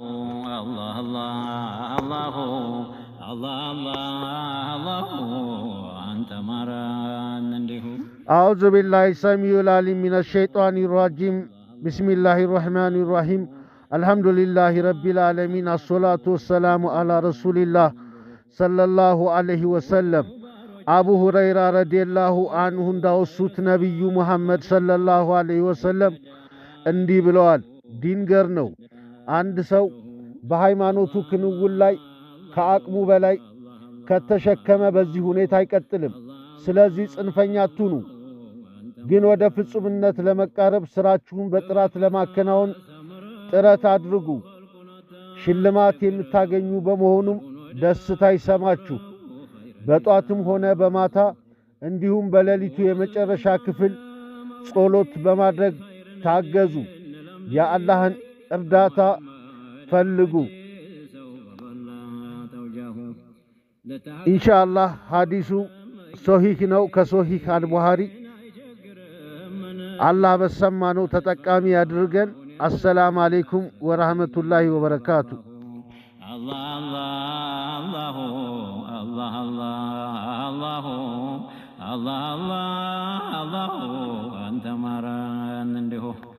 الله الله الله الله الله أنت مران እንዲሁ أعوذ بالله السميع العليم من الشيطان الرجيم بسم الله الرحمن الرحيم الحمد لله رب العالمين الصلاة والسلام على رسول الله صلى الله عليه وسلم አቡ ሁረይራ ረዲየላሁ አንሁ እንዳወሱት ነቢዩ ሙሐመድ ሰለላሁ አለይህ ወሰለም እንዲህ ብለዋል፣ ዲን ገር ነው አንድ ሰው በሃይማኖቱ ክንውን ላይ ከአቅሙ በላይ ከተሸከመ በዚህ ሁኔታ አይቀጥልም። ስለዚህ ጽንፈኛ አትሁኑ፣ ግን ወደ ፍጹምነት ለመቃረብ ስራችሁን በጥራት ለማከናወን ጥረት አድርጉ። ሽልማት የምታገኙ በመሆኑም ደስታ ይሰማችሁ። በጧትም ሆነ በማታ እንዲሁም በሌሊቱ የመጨረሻ ክፍል ጸሎት በማድረግ ታገዙ። የአላህን እርዳታ ፈልጉ። ኢንሻአላህ ሀዲሱ ሶሂህ ነው። ከሶሂህ አልቡሃሪ አላህ በሰማነው ተጠቃሚ ያድርገን። አሰላም አሌይኩም ወራህመቱላሂ ወበረካቱ። አንተ